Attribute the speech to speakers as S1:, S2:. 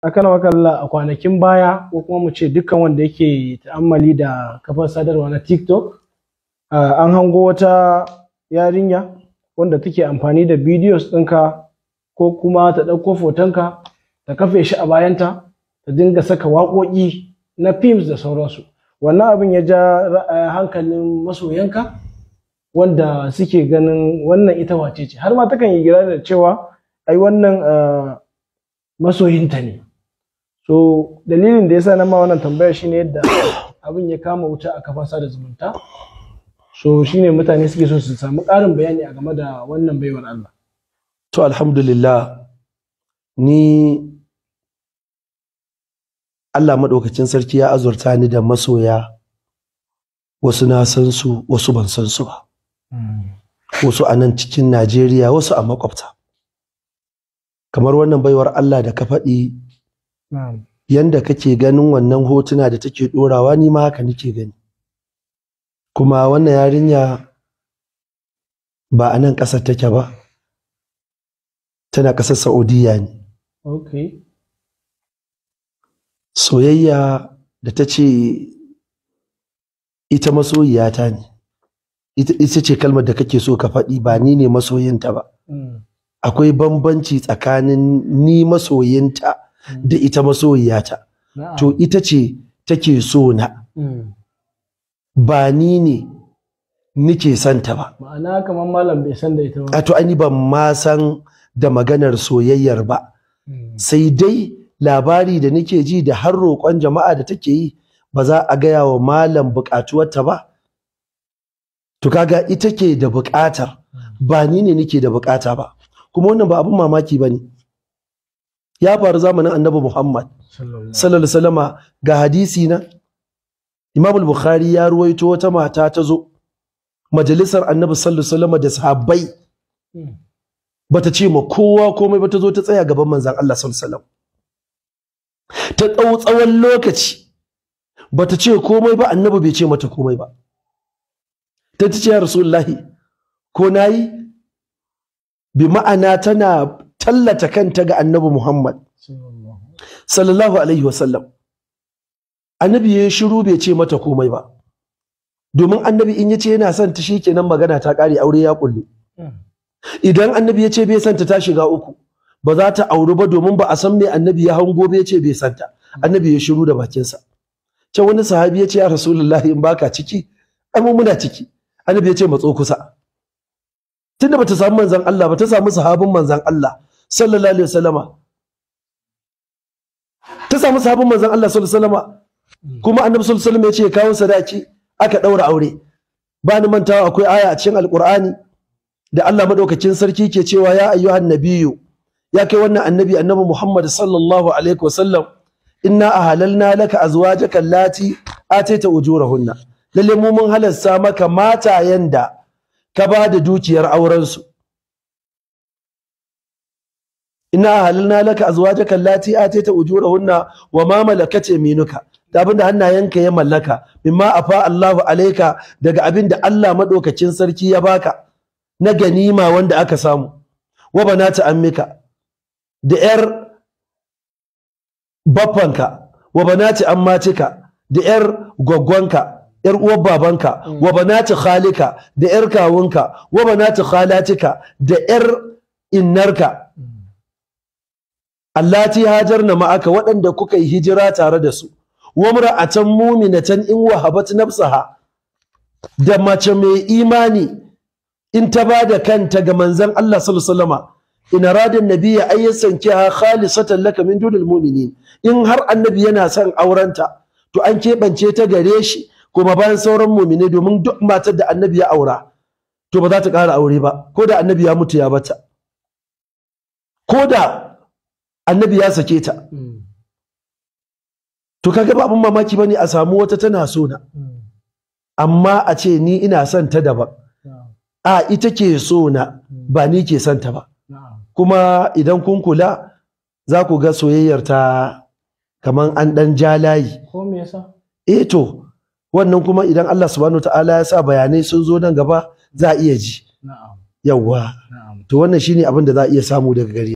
S1: akan wakalla a kwanakin baya ko kuma mu ce dukkan wanda yake ta'ammali da kafar sadarwa na tiktok an hango wata yarinya wanda take amfani da videos ɗinka ko kuma ta ɗauko fotonka ta kafe shi a bayanta ta dinga saka waƙoƙi na films da sauransu wannan abin ya ja hankalin masoyanka wanda suke ganin wannan ita wace ce har ma takan yi gira da cewa ai wannan masoyinta ne so dalilin da yasa na ma wannan tambaya shine yadda abin ya kama wuta a kafar sada zumunta so shine mutane suke so su samu ƙarin bayani a game da wannan baiwar Allah
S2: to alhamdulillah ni Allah maɗaukacin sarki ya azurta ni da masoya wasu na san su wasu ban san su ba hmm. wasu a nan cikin Najeriya wasu a makwabta kamar wannan baiwar Allah da ka faɗi yanda kake ganin wannan hotuna da take ɗorawa ni ma haka nake gani kuma wannan yarinya ba a nan ƙasar take ba tana ƙasar saudiya ne
S1: okay.
S2: soyayya da ta ce ita masoyiyata ne ita ce kalmar da kake so ka faɗi ba ni ne masoyinta ba mm. akwai bambanci tsakanin ni masoyinta Hmm. da ita masoyiyata to ita ce take so na hmm. ba ni ne nike santa ba
S1: ma'ana kamar malam bai san da ita ba
S2: to ani ban ma san da maganar soyayyar ba hmm. sai dai labari da nike ji da har roƙon jama'a da take yi ba za a gaya wa malam buƙatuwarta ba to kaga ita ke da buƙatar ba ni ne nike da buƙata ba kuma wannan ba abin mamaki ba ne ya faru zamanin annabi Muhammad
S1: sallallahu
S2: alaihi ga hadisi na Imam al-Bukhari ya ruwaito wata mata ta zo majalisar annabi sallallahu alaihi da sahabbai hmm. bata ce ma kowa komai ba ta zo ta tsaya gaban manzon Allah sallallahu ta dau tsawon lokaci bata ce komai ba annabi bai ce mata komai ba ta ce ya rasulullahi ko nayi bi ma'ana tana tallata kanta ga annabi Muhammad sallallahu alaihi wasallam annabi ya shiru bai ce mata komai ba domin annabi in ya ce yana son ta shikenan magana ta kare aure ya kullu idan annabi ya ce bai santa ta shiga uku ba za ta auri ba domin ba a san me annabi ya hango bai ce bai santa annabi ya shiru da bakinsa can wani sahabi ya ce ya rasulullahi in baka ciki ai muna ciki annabi ya ce matso kusa tunda bata samu manzon Allah bata ta samu sahabin manzon Allah sallallahu alaihi wasallama ta samu sabon manzon Allah sallallahu alaihi wasallama kuma annabi sallallahu alaihi wasallam ya ce kawo sadaki aka daura aure ba ni mantawa akwai aya a cikin alqur'ani da Allah madaukakin sarki ke cewa ya ayyuhan nabiyyu ya kai wannan annabi annabi Muhammad sallallahu alaihi wasallam inna ahalalna laka azwajaka allati ataita ujurahunna lalle mu mun halasta maka mata yanda ka ba da dukiyar aurensu ina inna halalna laka azwajaka allati atayta ujurahunna wa ma malakat yaminuka da abinda hannayenka ya mallaka mimma afa Allahu alaika daga abinda Allah madaukakin sarki ya baka na ganima wanda aka samu wa ammika da yar baffanka wa banati ammatika da yar gwaggwanka yar uwar babanka mm. wa banati khalika da yar kawunka wa banati khalatika da yar innarka allati hajarna ma'aka waɗanda kuka yi hijira tare da su a wamra'atan muminatan in wahabat nafsaha da mace mai imani in ta ba da kanta ga manzon Allah sallallahu alaihi wasallam in radin nabiyya ay yasankiha khalisatan laka min dunil mu'minin in har annabi yana son aurenta to an keɓance ta gare shi kuma bayan sauran mumine domin duk matar da annabi ya aura to ba za ta ƙara aure ba ko da annabi ya mutu ya bata ko da annabi ya sake ta hmm. to kaga ba abin mamaki bane a samu wata tana so na hmm. amma a ce ni ina son ta daban hmm. a ita ke so na ba ni ke son ta ba kuma idan kun kula za ku ga soyayyar ta kaman an dan ja layi ko me yasa eh to wannan kuma idan Allah subhanahu ta'ala ya sa bayanai sun zo nan gaba za a iya ji yawwa to wannan shine abin da za a iya samu daga gari